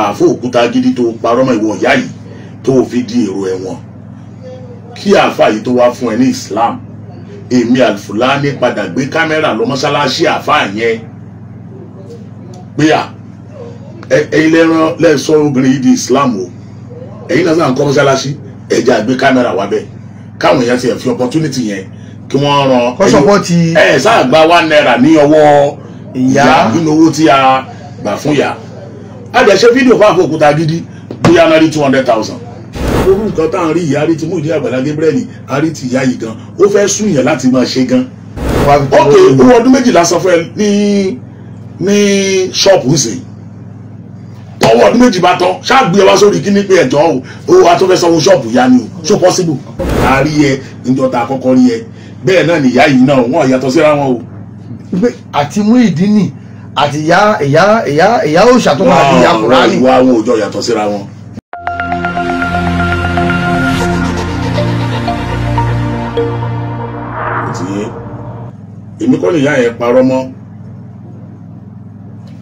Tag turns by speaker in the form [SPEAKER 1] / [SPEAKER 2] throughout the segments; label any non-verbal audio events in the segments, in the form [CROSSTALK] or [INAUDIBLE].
[SPEAKER 1] àáfò òkúta gidi tó parọ́ mọ́ ìwọ ìyá yìí tó fi di èrò ẹ̀wọ̀n kí àáfà yìí tó wá fún ẹ ní Islam èmi Alfulany padà gbé kámẹ́rà lọ mọ́ṣáláṣí àáfà yẹn gbéyà ẹ̀yin lẹ́ran lẹ́sọ̀ obìnrin yìí di Islam o ẹ̀yin náà ń kọ́ mọ́ṣáláṣí ẹ̀jẹ̀ àgbé kámẹ́rà wá bẹ́ẹ̀ káwọn èèyàn ti ẹ̀ fi opportunity yẹn kí wọ́n ran ẹ̀ sáà gba one naira ní ọwọ́ ìyá nínú owó tí a gbà fún yàá a dẹ̀ ṣe fídíò fún àfọkúta gidi bóyá náà rí two hundred thousand orú nǹkan tá à ń rí ìyá rí ti mú ìdí àgbàlá Gabriel a rí ti ìyá yìí gan ó fẹ́ sún yẹn láti máa ṣe gan ok owó ọdún méjìlá sọ fún ẹ ní ní ṣọ́ọ̀bù ń sìn tọwọ́ ọdún méjì bá tán ṣáàgbé ẹ wá sórí kí ní pé ẹ̀jọ́ o wa tó fẹ́ sanwó ṣọ́ọ̀bù yá ni o so possible a rí ẹ níjọ́ tá a kọ́kọ́ rí ẹ bẹ́ẹ̀ náà nìyá yìí náà wọ́n yàtọ̀ síra wọn o. àti mú ìdí nì àti ìyá ìyá ìyá ìyá òòṣà tó máa di ìyá kùránì. wọ́n á wọ òjò yàtọ̀ síra wọn. èmi kọ́ nìyá yẹn parọ́ mọ́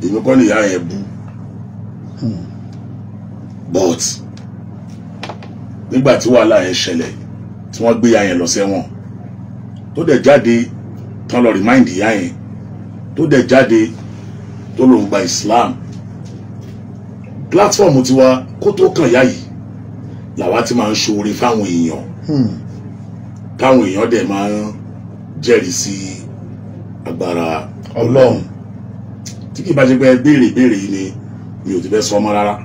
[SPEAKER 1] èmi kọ́ nìyá yẹn bú but nígbà tí wàhálà yẹn ṣẹlẹ̀ tí wọ́n gbé ìyá yẹn lọ sẹ́wọ̀n tó dẹ̀ jáde tán lọ rìmáìndì ìyá yẹn tó dẹ̀ jáde tó Islam platform tiwa kó tó kàn yá yìí làwa ti máa ń ṣoore fáwọn èèyàn hmm. táwọn èèyàn dẹ̀ máa ń jẹ́rìí sí agbára Ọlọ́run tí kì í bá ṣe pé béèrè béèrè yìí ni mi ò ti fẹ́ sọ ọmọ rárá.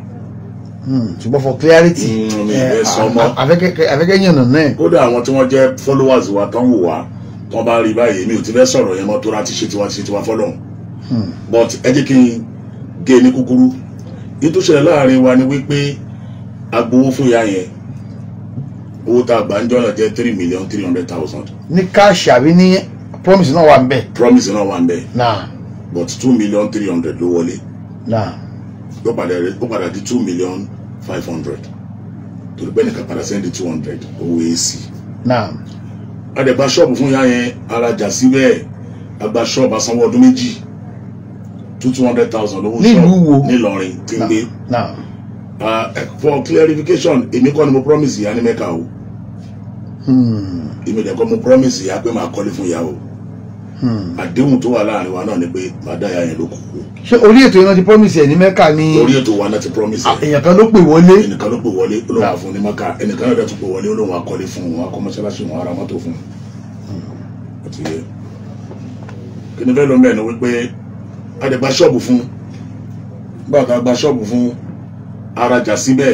[SPEAKER 1] Hmm. ṣùgbọ́n for clarity hmm, mi ò eh, fẹ́ sọ ọmọ afẹ́kẹ́ yànnà náà. kódà àwọn tí wọ́n jẹ́ followers wa tán wò wá tán bá rí báyìí mi ò ti fẹ́ sọ̀rọ̀ yẹn mọ́ tó láti ṣe tiwa ṣe tiwa fọlọ́run Hmm. but ẹ jẹ́ kí n gé e ní kúkúrú ní tó ṣẹlẹ̀ láàrin wa ni wípé agbowó fún ìyá yẹn owó tá a gbà ń jọ́nà jẹ́ three million three hundred thousand. ní káàṣì àbí ní promise náà wà ń bẹ̀. promise náà wà ń bẹ̀. na but two million three hundred ló wọlé. na ó padà ó padà di two million five hundred torí bẹ́ẹ̀ nìkan padà sẹ́ndí two hundred owó èsì. na adẹ̀gbà ṣọ́ọ̀bù fún ìyá yẹn arajà síbẹ̀ àgbà ṣọ́ọ̀bù asanwó ọdún méjì. two hundred thousand lówó ṣọ́ọ̀bù nílọrin gbígbé eh, for clarification èmi kọ́ ni mo promise ìyá ní mẹ́ka o hmm. èmi dẹ̀ kọ́ mo promise ìyá pé màá kọ́lé fún ìyá o hmm. àdéhùn tó wà láàrin wa náà ni pé bàdáyà yẹn ló kù. ṣé orí ètò iná ti promise ẹ ní mẹ́ka ni. orí ètò wa náà ti promise ẹ. Ah, èèyàn kan ló pè wọlé. ẹnìkan ló pè wọlé olóhùn àfún ah. ní mẹ́ka ẹnìkan náà tún pè wọlé olóhùn akọ́lé fún un akọ́ mọ́ṣáláṣí wọn ara mọ́tò fún un. Hmm. kí ni fẹ́ ló ń bẹ̀ ni wípé àdẹ̀gbà ṣọ́ọ̀bù fún gbàgbà àgbà ṣọ́ọ̀bù fún arajà síbẹ̀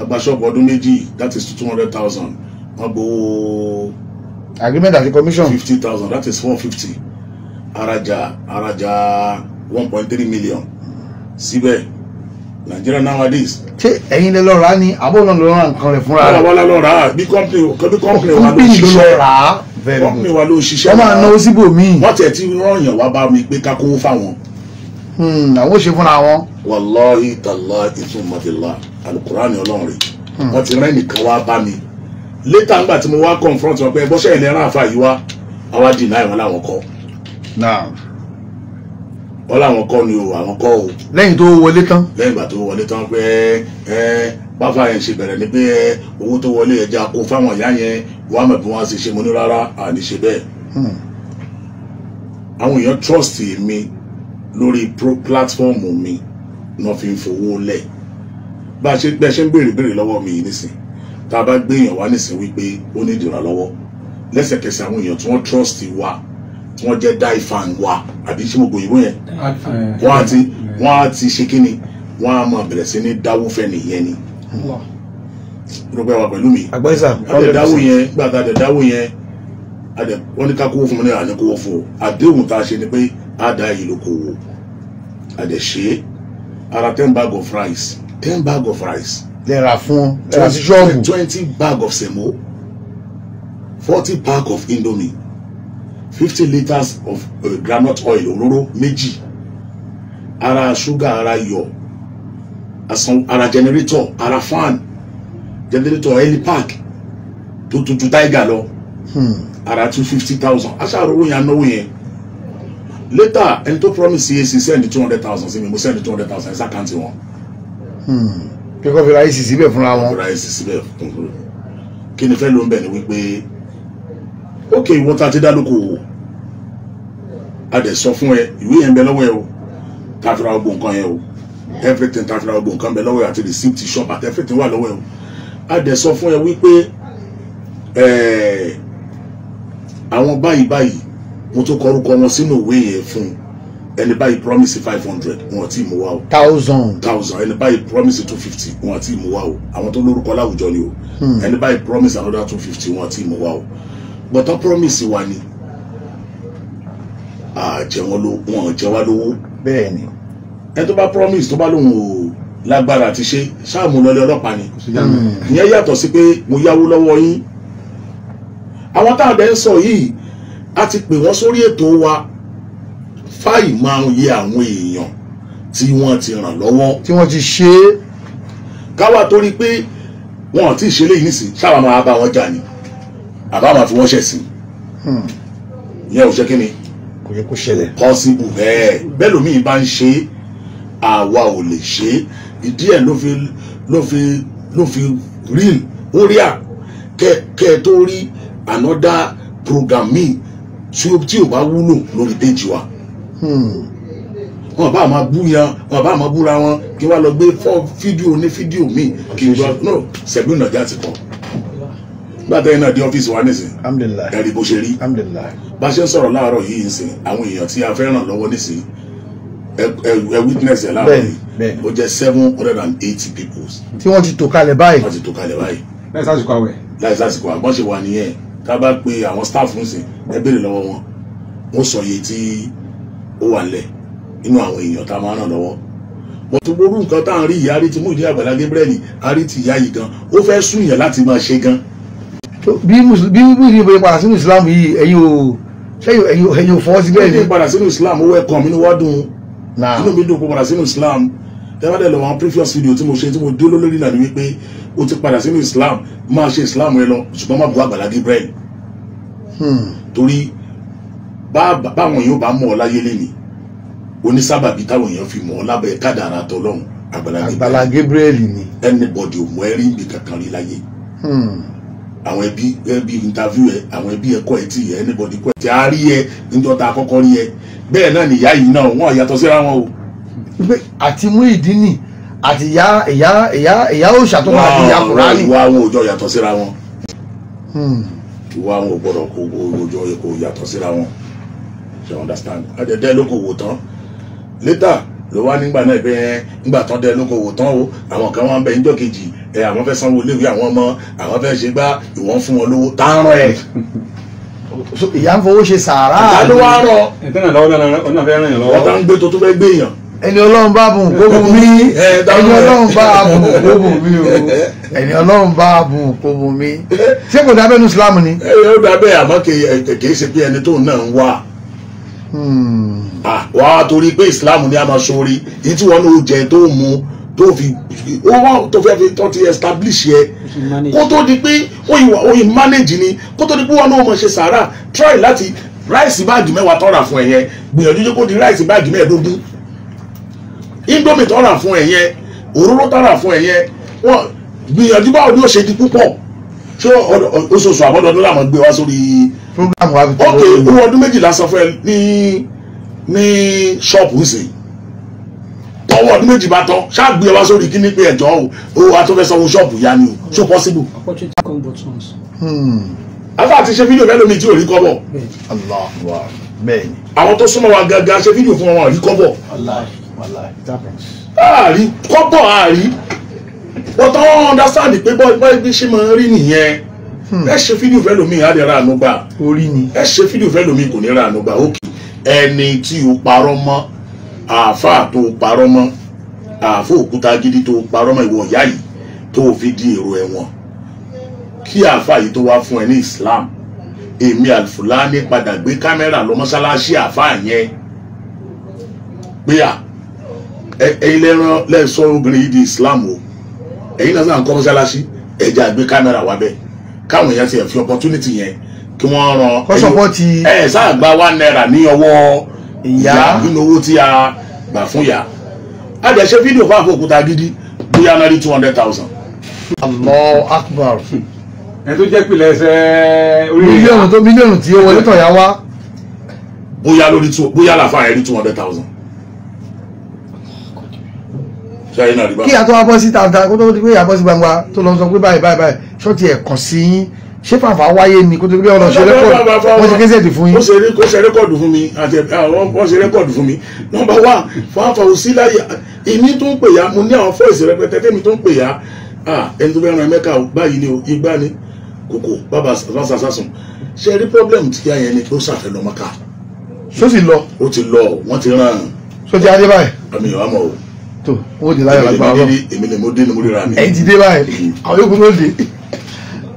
[SPEAKER 1] àgbà ṣọ́ọ̀bù ọdún méjì that is two hundred thousand wọ́n gbowó. agreement àti commission. fifty thousand that is four fifty arajà arajà one point three million síbẹ̀ nigeria nowadays. ṣé ẹ̀yin lè lọ rà á ni àbọ̀ náà lọ rà nǹkan rẹ̀ fúnra rẹ̀. wọ́n lọ rà á bí company bí company wà ló ṣiṣẹ́ wọ́n pè wá ló ṣiṣẹ́ wọn máa náwó síbò míì wọ́n tẹ̀ tí rọ̀yàn wá bá mi pé ká kówó fáwọn. Hmm, àwọn ò ṣe fúnra wọn. wàláhì tàlá ìtumọ̀tìlá alukurani ọlọ́run rẹ̀ hmm. wọ́n ti rẹ́ nìkan wá bá mi létà ńgbà tí mo wá confront wọn pé bọ́sẹ̀ ìlera àfa yìí wá àwa dì náà ìwọ̀n làwọn kọ́. wọ́n làwọn kọ́ ni o àwọn kọ́ o. lẹ́yìn tó wọlé tán. lẹ́yìn ìgbà tó wọlé tán pé báfa yẹn ṣe bẹ̀rẹ̀ ni pé owó tó wọlé ẹja kó fáwọn ìyá yẹn wàá mọ̀ bí wọ́n á ṣe ṣe mo a rárá àní ṣe bẹ́ẹ̀ hmm. àwọn èèyàn trust mi lórí platform mi náà fi ń fowó lẹ̀ bá a ṣe bẹ́ẹ̀ ṣe ń béèrè béèrè lọ́wọ́ mi yìí nísìn tá a bá gbé wá nísìn wípé ó ní ìdìrànlọ́wọ́ lẹ́sẹ̀kẹsẹ̀ àwọn èèyàn tí wọ́n trust wa tí wọ́n jẹ́ die fan wa àbí ṣé mo gbòyìnbó yẹn eh, wọ́n á ti wọ́n ṣe kí ni wọ́n máa bẹ̀rẹ̀ sí ní dáwó fẹ́ nìyẹn ni. Wow rọpẹ́ wa pẹ̀lú mi. àgbáyé sà hundred percent. àdẹ̀dáwò yẹn gbàgbà àdẹ̀dáwò yẹn àdẹ̀ wọ́n ní ká kówó fún mi náà àní kówó fún o àdéhùn tá a ṣe ni pé a dá yìí ló kówó àdẹ̀ ṣe é ara ten bag of rice ten bag of rice. lẹ́ra fún ẹ̀rọ sí ṣọ́ọ̀bù twenty bag of semo forty pack of indomie fifty litres of uh, groundnut oil òróró méjì ara ṣúgà ara yọ ara generator ara fan jẹnẹrétọ̀ ẹni park tó tuntun tiger lọ ara hmm. two fifty thousand aṣááru owó yẹn anáwó yẹn later ẹni tó promise CAC send two hundred thousand sí mi mo send two hundred thousand ẹ̀ sàkáǹtì wọn. Hmm. kí wọ́n fi ra icc bẹ́ẹ̀ fúnra wọn. ra icc bẹ́ẹ̀ fúnra kí ni fẹ́ ló ń bẹ̀ ni wípé ok ìwọ ta ti dá lóko o a dẹ̀ sọ fún ẹ ìwé yẹn bẹ lọ́wọ́ ẹ o ta fi ra ogun nǹkan yẹn o everything ta fi ra ogun nǹkan bẹ lọ́wọ́ ẹ àti receipt shop àti everything wà lọ́wọ́ ẹ o a dẹ̀ sọ fún ẹ wípé àwọn báyìí báyìí mo tó kọ orúkọ wọn sínú ìwé yẹn fún un ẹni báyìí promise five hundred wọn àti ìmú o. thousand thousand ẹni báyìí promise two fifty wọn àti ìmú wa o àwọn tó lórúkọ láwùjọ ni o hmm. ẹni báyìí promise another two fifty wọn àti ìmú wa o gbọ́tọ̀ promise wa ni àjẹwọ́n ló wọn jẹ wá lówó. bẹ́ẹ̀ni. ẹni tó bá promise tó bá lóun o lágbára àti ṣe ṣáàmù lọlé ọlọ́pàá ni hmm. ìyẹn yàtọ̀ sí pé mo yáwó lọ́wọ́ yín àwọn tá a bẹ ń sọ yìí a ti pè wọ́n sórí ètò wa fáì máa ń yẹ àwọn èèyàn tí wọ́n ti ràn lọ́wọ́ tí wọ́n ti ṣe é káwa torí pé wọn ò tí ì ṣe léyìí nísìnyí ṣáà máa bá wọn jà ni àbá máa fi wọ́n ṣẹ̀ sí hmm. ìyẹn ò ṣe kí ni kò yẹ kó ṣẹlẹ̀ possible bẹ́ẹ̀ bẹ́ẹ̀ lómi bá ń ṣe é àwa ò lè ṣe é ìdí ẹ̀ ló fi ló fi ló fi real ó rí à kẹ kẹ tó rí another program míì tí ò bá wúlò lórí péjì wa. Hmm wọn bá máa bú yan wọn bá máa búra wọn kí wọn lọ gbé fọ fídíò ní fídíò míì kí n gbọ́ no sẹbí nàjà ti pọ̀ gbàtà yìí náà di ọ́fíìsì wa nísìn ẹrí bó ṣe rí bá ṣe ń sọ̀rọ̀ láàárọ̀ yìí ń àwọn èèyàn tí a fẹ́ ràn lọ́wọ́ nísìn A witness ẹ láàbọ̀ yìí ó seven hundred and eighty people. tí wọ́n ti tò kalẹ̀ báyìí. wọ́n ti tò kalẹ̀ báyìí. láì sásìkò àwẹ̀. láì sásìkò àwẹ̀ bọ́n ṣe wà nìyẹn tá a bá pe àwọn staff ń sìn ẹ béèrè lọ́wọ́ wọn wọ́n sọ iye tí ó wà lẹ̀ nínú àwọn èèyàn tá a máa ràn lọ́wọ́ mo ti worú nǹkan tá à ń rí yìí arí ti mú ìdí Àgbàlá Gabriel arí ti ìyá yìí gan ó fẹ́ sún yẹn láti máa ṣe gan. bí mùsùlùmí bẹ̀rẹ̀ padà sínú Islam yìí ẹ̀yin ò ẹ̀yin ò fọwọ́ sí bẹ́ẹ̀ ni. ẹ̀yin padà sínú Islam ó wẹ́ kàn mí ní wọ́dún inú mi dùn kó padà sínú Islam tẹ́lẹ̀ lọ àwọn previous video tí mo ṣe tí mo dúró lórí náà ni wípé o ti padà sínú Islam máa ṣe Islam rẹ lọ ṣùgbọ́n má bu Àgbàlá Gabriel hmm. torí báwọn yóò bá mọ̀ ọ́ láyé lẹ́nìí onísábàbí táwọn èèyàn fi mọ̀ ọ́ lábẹ́ kádàrá tọ́lọ́hún Àgbàlá Gabriel ni anybody ò mọ̀ ẹ́ rí ibi kankan rí láyé. Hmm àwọn ẹbí ẹbí interview ẹ àwọn ẹbí ẹkọ ẹ tì ẹ anybody kọ ẹ tí a rí ẹ níjọ́ tá a kọ́kọ́ rí ẹ bẹ́ẹ̀ náà nìyá yìí náà wọn yàtọ̀ síra wọn o. àti mú ìdí nì àti ìyá ìyá ìyá ìyá òòṣà tó máa di ìyá kùránì. ìwà àwọn òòjọ́ yàtọ̀ síra wọn hmm. ìwà àwọn ògbọ́dọ̀ kó òòjọ́ yàtọ̀ síra wọn you understand. àdẹ̀dẹ̀ ló kò wò tán later ló wá nígbà náà pé ẹ nígbà tán dẹ lóko wò tán o àwọn kan wọn bẹ níjọ́ kejì ẹ àwọn fẹ́ sanwó léwu àwọn ọmọ àwọn fẹ́ ṣe gbá ìwọ̀n fún wọn lówó tààrọ ẹ. ìyá ń fowó ṣe sàárà. ìyá ló wá rọ. ìtẹ́nà lọ́wọ́ náà ọ̀nà fẹ́ ràn yàn lọ́wọ́. wọ́n tá ń gbé tó tó fẹ́ gbé yàn ẹni ọlọ́run bá bùn kó bùn mí ẹni ọlọ́run bá bùn kó bùn mí o ẹni ọlọ́run bá bùn kó bùn mí ṣé kò dábẹ́ nu Islam ni. ẹ ẹ dábẹ́ àmọ́ kì í ṣe bí ẹni tó náà ń wá. Hmm. Ah, wà á torí pé islam ní a máa sori èyí tí wọn náà jẹ tó mu tó fi owó tó fẹ́ fi tó ti establish yẹ kó tó di pé oyin manage ni kó tó di pé wọn náà mọ̀ ṣe sàárà try láti ráìsì báàgì mẹ́wàá tọ́ra fún ẹ yẹn gbìyànjú jẹ́ kó di ráìsì báàgì mẹ́ẹ̀ẹ́dógún indomie tọ́ra fún ẹ yẹn òróró tọ́ra fún ẹ yẹn wọn gbìyànjú báwo ni ó ṣe di púpọ̀ ṣé oṣooṣù àbọ̀dọ̀ ló làwọn gbé wá sórí program wa bi tó lórí ok owó ọdún méjìlá sọ fún ẹ ní ní ṣọ́ọ̀pù nsè tọwọ́ ọdún méjì bá tán ṣáàgbé ọba sórí kíní pé ẹ̀jọ́ o owó atọ́fẹ́ sanwó ṣọ́ọ̀pù yá ni o so possible. opportunity come but once. Hmm. afa àti ṣe fídíò mélòó mi tí ò rí kọ́ bọ̀. bẹ́ẹ̀ni. àwọn tó súnmọ́ wa gangan ṣe fídíò fún wọn rí kọ́ bọ̀. àárí kọ́ bọ̀ àárí wọ́n tán understand pé bọ́ọ̀ bí ṣe máa rí nìyẹn ẹ ṣe fídíò fẹ́ lómi á lè ra àánú gbà orí ni ẹ ṣe fídíò fẹ́ lómi kò ní ra àánú gbà òkè ẹni tí o parọ́ mọ́ àáfàá tó parọ́ mọ́ àáfàá òkúta gidi tó parọ́ mọ́ ìwọ ìyá yìí tó fi di èrò ẹ̀wọ̀n kí àáfàá yìí tó wá fún ẹ ní Islam èmi Alfulany padà gbé kámẹ́rà lọ mọ́sálásí àáfàá yẹn pé à ẹ̀yin lẹ́ran lẹ́sọ̀ọ́ obìnrin yìí di Islam o ẹ̀yin náà sàn kọ́ mọ́sálásí ẹ̀jẹ̀ àgbé kámẹ́rà wá bẹ́ẹ̀ káwọn èèyàn ti ẹ̀ fi opportunity yẹn kí wọ́n ran kọ́sọ̀pọ̀ ti ẹ̀ sáà gba one naira ní ọwọ́ ìyá nínú owó tí a gbà fún yà á dẹ̀ ṣe fídíò fún àfọkúta gidi bóyá náà rí two hundred thousand. Allahu Akbar. ẹ tó jẹ́ pìlẹ̀ ẹsẹ̀ orí. mílíọ̀nù tó mílíọ̀nù tí ó wọlé tọ̀yà wá. bóyá lórí bóyá làfáà ẹ̀ rí two hundred thousand kí àtọ́ wa bọ́ sí tàǹtà kó tó di pé àbọ̀ sí gbangba tó lọ sọ pé báyìí báyìí báyìí ṣọ́ọ̀tì ẹ̀ kàn sí yín ṣé fàfà wáyé ni kó tó di pé ọ̀nà ṣe rẹ́kọ̀dù wọ́n ṣe kéṣẹ́ẹ̀tì fún yín. ó ṣe rẹ́kọ̀dù fún mi àti wọ́n ṣe rẹ́kọ̀dù fún mi nọ́mbà wà fàáfà ò sí láyé èmi tó ń pè ya mo ní àwọn fọ́ọ̀sì rẹpẹtẹ tẹ́mi tó ń pè ya ẹni tó fẹ́ ran mẹ́ka báyìí ni igbá ni kòkò bàbá sàṣàṣàṣùn ṣe rí problem ti yá yẹn ni pé ó ṣàfẹ́ lọ mọ́ka. só sì lọ. ó ti lọ wọ́n ti só ti adé báyìí. àmì ìwà mọ̀ O wọ́n di laye lagba lọ. èmi ni mo dé ni mo ríra mi. ti dé báyìí àwọn yòókù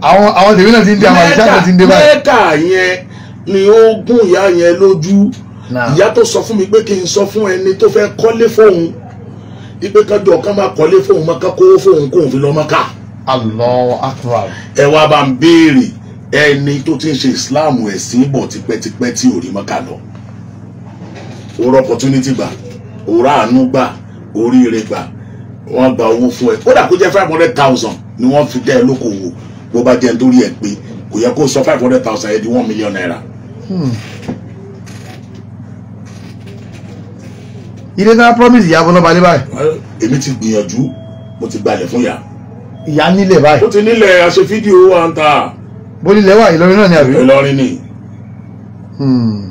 [SPEAKER 1] awon ti de dé àwọn ti ń dé báyìí. mẹ́ta ni lójú ìyá sọ mi pé kí n so fún ẹni to fe kole fóun ipe kájọ ká máa kọ́lé fóun máa ká ko fóun kóun fi lọ́ọ́ máa akbar. béèrè ẹni tó ti ń Islam ẹ̀sìn bọ̀ tipẹ́tipẹ́ tí ò rí oríire gbà wọ́n gba owó fún ẹ kódà kó jẹ́ five hundred thousand ni wọ́n fi dẹ́ ẹ lókòwò bó bá jẹ́ nítorí ẹ pé kò yẹ kó sọ five hundred thousand yẹn di one million naira. Hmm. ilé náà promise ìyá abọ́nà balẹ̀ báyìí. èmi ti gbìyànjú mo ti gbalẹ̀ fún ìyá. ìyá nílẹ̀ báyìí. ó ti nílẹ̀ àṣẹ fídíò wa ń ta. bó nílẹ̀ wà Ìlọrin náà ni àbí. Ìlọrin ni. Hmm.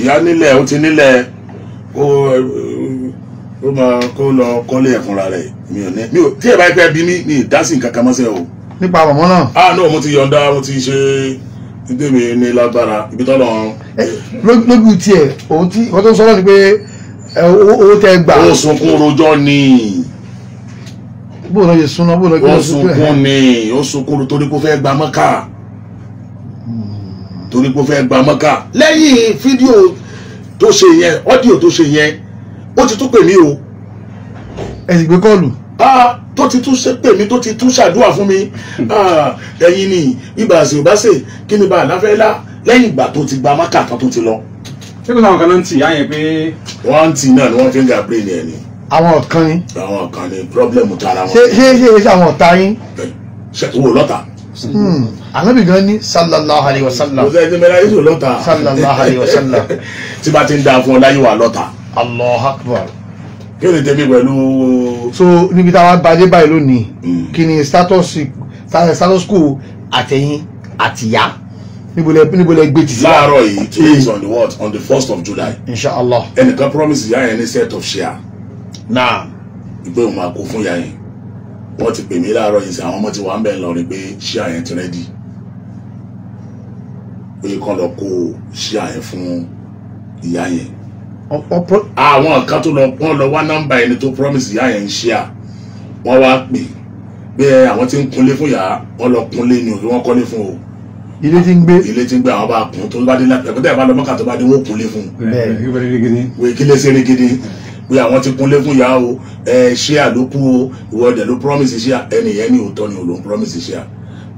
[SPEAKER 1] ìyá nílẹ̀ ó ti nílẹ̀ ó ó máa kó lọ kọ́lé ẹ̀ fúnra rẹ̀ mi ò ní mi ò tí ẹ bá pẹ́ bí mi mi ìdásí nǹkan kan mọ́sẹ̀ o. nípa àmọ́ náà. a ah, náà mo ti yọ̀ǹda mo ti ṣe ìdèmí ní lágbára ibi tó lọ. lójú tiẹ̀ òun tí wọ́n tó ń sọ̀rọ̀ ni pé owó tẹ gbà. o sunkún rojọ́ ni bóòlù yìí súná bóòlù yìí súná. ó sunkún ni ó sunkún torí kó fẹ́ gba mọ́kà hmm. torí kó fẹ́ gba mọ́kà lẹ́yìn fídíò tó ṣe yẹn ọ́díò tó ṣe yẹn ó ti tún pè mí o. ẹ sì gbé kọ́ọ̀lù. tó ti tún ṣe pè mí tó ti tún ṣàdúrà fún mi ẹ̀yin ni ibà ṣe ò bá ṣe kí ni bá àláfẹ́ lá lẹ́yìn ìgbà tó ti gba mákà tán tó ti lọ. ṣé kò sáwọn kan náà ń tì yá yẹn pé. wọ́n ń tì náà ni wọ́n fi ń ga brain ẹ̀ ni. àwọn kan ni. àwọn kan ni problem tara wọn. ṣé ṣé ṣe ṣe àwọn ọ̀tá yín. ṣe wo lọ́ta. Hmm, Ànábì gan ni sallallahu alayhi wa sallam. mo sẹ́yìn tí mẹ́ta yóò lọ́ta. sallallahu alayhi wa sallam. [LAUGHS] tí bá ti ń da fún ọ láyé wa lọ́ta allah akbar. kí ni tèmi pẹ̀lú. so níbi táwa bàjẹ́ báyìí lónìí hmm. kí ni status status quo àtẹ̀yìn àtìyá níbolẹ níbolẹ gbé títí. láàárọ̀ yìí two weeks on the what on the first of july. inshallah. ẹnìkan promise ìyá yẹn ní set of share. naa. ìgbé òun máa kó fún ìyá yẹn wọ́n ti pè mí láàárọ̀ yìí sí àwọn ọmọ tí wàá ń bẹ̀ lọ́rin pé share yẹn ti rẹ́dì pé kán lọ kó share yẹn fún ìyá yẹn àwọn kan tó lọ wọ́n lọ wá nọ́mbà ẹni tó promise ìyá yẹn ń ṣe à wọ́n wá pè bẹ́ẹ̀ àwọn tí ń kunlé fún yàrá wọ́n lọ kunlé ni òkè wọ́n kọ́lé fún o. ilé tí ń gbé ilé tí ń gbé àwọn bá kun tó bá dé lápẹ̀ kó tẹ̀ bá lọ mọ́kà tó bá dé wọ́n kunlé fún. wẹ́ẹ́ kí lè ṣe eré gidi pé àwọn ti kunlé fún yàrá o ẹ ṣé à ló kú o ìwọ ọdẹ ló promise ṣe à ẹnìyẹn ní òótọ́ ni òun promise ṣe à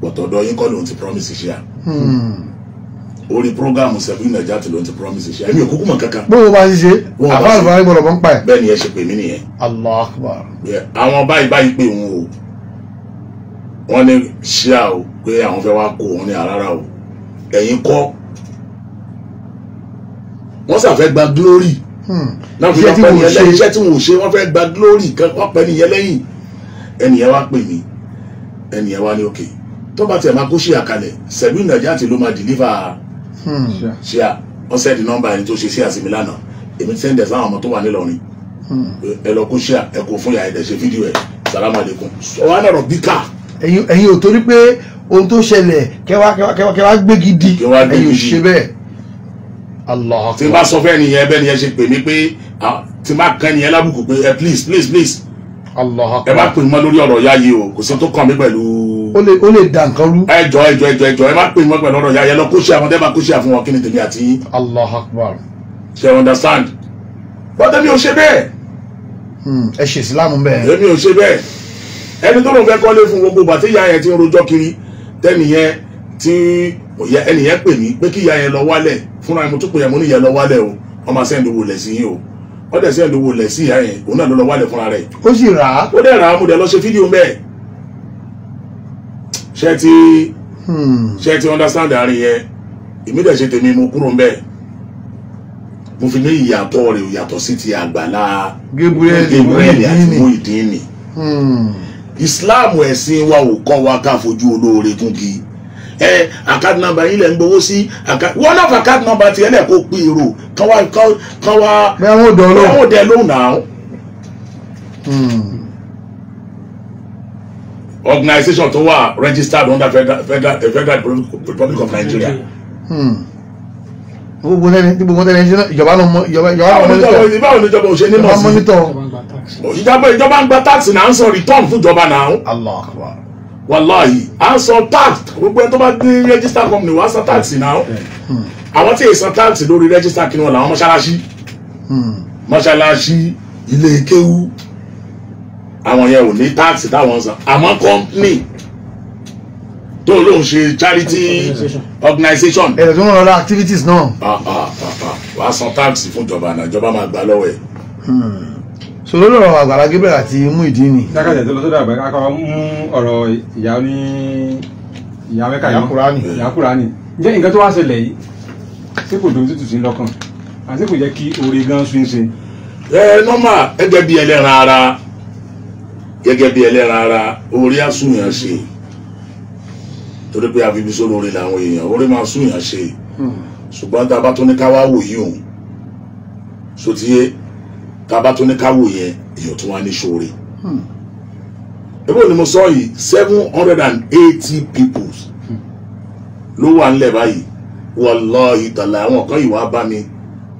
[SPEAKER 1] bọ̀tọ̀dọ̀ yín kọ́ lòun ti promise ṣe à. Hmm orí programu Severy Nnajat ló ti promise ṣe èmi ò kúkú mọ̀ kankan. bó o bá ṣe ṣe àbá àlùfáà gbọ́dọ̀ mọ ń pa ẹ. bẹ́ẹ̀ ni ẹ ṣe pè mí nìyẹn. Allahu Akbar. àwọn báyìí báyìí pé òun o wọ́n ní ṣíà o pé àwọn fẹ́ wá kó òun ní àràrà o ẹ̀yin kọ́ wọ́n sàfẹ́ gba glory. Hmm. náà fi wọ́n pẹ́ nìyẹn lẹ́yìn iṣẹ́ tí wọ́n ṣe wọ́n fẹ́ gba glory kan wọ́n pẹ́ nìyẹn lẹ́yìn ẹnìyẹn wá pè mí ẹnìyẹn wá ní òkè tó bá tiẹ̀ máa kó ṣíà kalẹ̀ Severy Nnajat ló máa deliver Hmm. Hmm. ṣíà wọ́n sẹ́ẹ̀dì nọ́mbà ẹni tó ṣe ṣíà sí mi lánàá èmi ti sẹ́ǹdẹ̀ sáwọn ọmọ tó wà nílọrin hmm. ẹ lọ kó ṣíà ẹ kó fún yàrá ẹ̀ ṣe fídíò ẹ̀ sàlámù àlékún ọwọ́ àdàrọ̀ bíkà. ẹ̀yin ẹ̀yin ò torí pé ohun tó ṣẹlẹ̀ kẹwàá kẹwàá kẹwàá gbé gidi ẹ̀yin ò ṣe bẹ́ẹ̀. Allah tí n bá sọ fẹ́ nìyẹn bẹ́ẹ̀ nìyẹn ṣe pè mí pé tí n bá kàn nìyẹn lábùkù pé ẹ eh, please please please ẹ bá pè mí mọ́ lórí ọ̀rọ̀ yáyé o kò sí tó kàn mí pẹ̀lú ó lè ó lè da nǹkan rú. ẹ jọ ẹ jọ ẹ jọ ẹ jọ ẹ má pè mọ́ pẹ̀lú ọ̀rọ̀ yàyẹ lọ kó ṣe àwọn tẹ́ kó ṣe àfihàn kí ni tèmi àti yín. allah akbar. ṣe understand. bọ́dẹ̀ mi ò ṣe bẹ́ẹ̀. Hmm, ẹ ṣe ìsìlámù bẹ́ẹ̀. èmi ò ṣe bẹ́ẹ̀ ẹni tó ló ń fẹ́ kọ́lé fún gbogbo bàtí ìyá yẹn ti ń rojọ́ kiri tẹ́nìyẹn tí ẹnìyẹn pè mí pé kí ìyá yẹn lọ wálẹ̀ fúnra mi tún pè yẹn mo ní ìyá lọ wálẹ̀ o wọ́n máa sẹ́ńdì owó lẹ̀ sí yín o wọ́n dẹ̀ sẹ́ńdì owó lẹ̀ sí ìyá yẹn òun náà ló lọ wálẹ̀ ṣe ti hmm. ṣe ti understand àárín yẹn èmi dẹ̀ ṣe tèmi mo kúrò ńbẹ̀ mo fi ní ìyàtọ̀ rẹ̀ ìyàtọ̀ ti àgbàlá Gabriel àti Muyideen hmm. Islam ẹ̀sìn wa ò kọ́ wa ká fojú olóore tún kí ẹ àkáàdì nọ́mbà yín lẹ ń gbowó sí one of náà nọmba nọ́mbà tiẹ̀ lẹ kó organisation tó wà registered under federal federal the federal republic of nigeria. Hmm. gbogbo lẹni tí gbogbo lẹni ìjọba ló mọ ìjọba ìjọba ló mọ ìjọba ló ìjọba òṣèlú ní mọ̀sí ìjọba ìjọba ń gba tax náà ń sọ return fún ìjọba náà wàláhì à ń sọ tax gbogbo ẹni tó bá gbé register company wà á sọ tax náà hmm. àwọn tí èsàn tax lórí register kí ni wọn làwọn mọ́ṣáláṣí hmm. mọ́ṣáláṣí ilé kéwú àwọn yẹn ò ní táàsì táwọn san àmọ́ company tó lóun ṣe charity organization. ẹ̀rọ tó ń rọra activities náà. Ah, ah, ah, wàá san táàsì fún ìjọba náà ìjọba máa gbà lọ́wọ́ ẹ̀. sọ̀rọ̀ lọ́rọ̀ Àgbàlá Gabriel àti Muyideen. dákàtẹ̀ tó lọ sọ́dọ̀ àgbẹ̀ akọ mú ọ̀rọ̀ ìyá ní ìyá mẹ́ka yìí ìyá Kúránì ǹjẹ́ nǹkan tó wá ṣẹlẹ̀ yìí ṣé kò tútù sí lọ́kàn àti kò jẹ́ kí oore gan sun ṣe gẹ́gẹ́ bí ẹlẹ́ran ara orí àsúnyàn ṣe torí pé àfi bisó lórí làwọn èèyàn orí máa súnyàn ṣe ṣùgbọ́n tá a bá tún ní ká wá wò yìí òun sotiye tá a bá tún ní ká wò yẹn èèyàn tún wá ní ṣoore ebo ni mo sọ yìí seven hundred and eighty peoples. ló wà nílẹ̀ báyìí wallahi tàlà àwọn kan yìí wá bá mi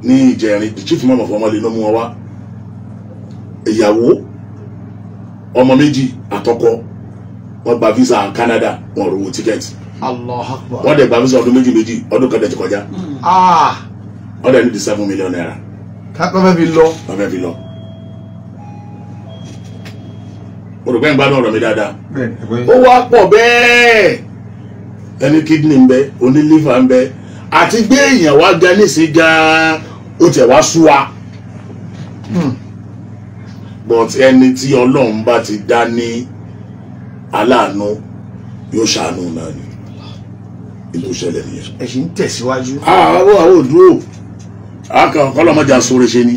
[SPEAKER 1] ní ìjẹrin the chief mama fọmọlẹ ló mú wọn wá ìyàwó ọmọ méjì àtọkọ wọ́n gba visa Canada wọ́n rówó tíkẹ́ẹ̀tì wọ́n dẹ gba visa ọdún méjì méjì ọdún ti kọjá hmm. ah. wọ́n dẹ̀ ní di naira. kápẹ́ fẹ́ fi lọ. kápẹ́ fi lọ. olùkọ́ ìgbà náà rọ̀ mí dáadáa. ó wá pọ̀ bẹ́ẹ̀ ẹni kidney ń bẹ oní liver ń bẹ àti wa. Hmm. but ẹni tí ọlọ́run bá ti dá ní aláàánú yóò ṣàánú náà ni ètò ìṣẹ̀lẹ̀ nìyẹn. ẹ ṣì ń tẹ̀síwájú. àwọn àwọn ò dúró àkàkọ́ lọ́mọdé aṣọ rẹ̀ ṣe ni.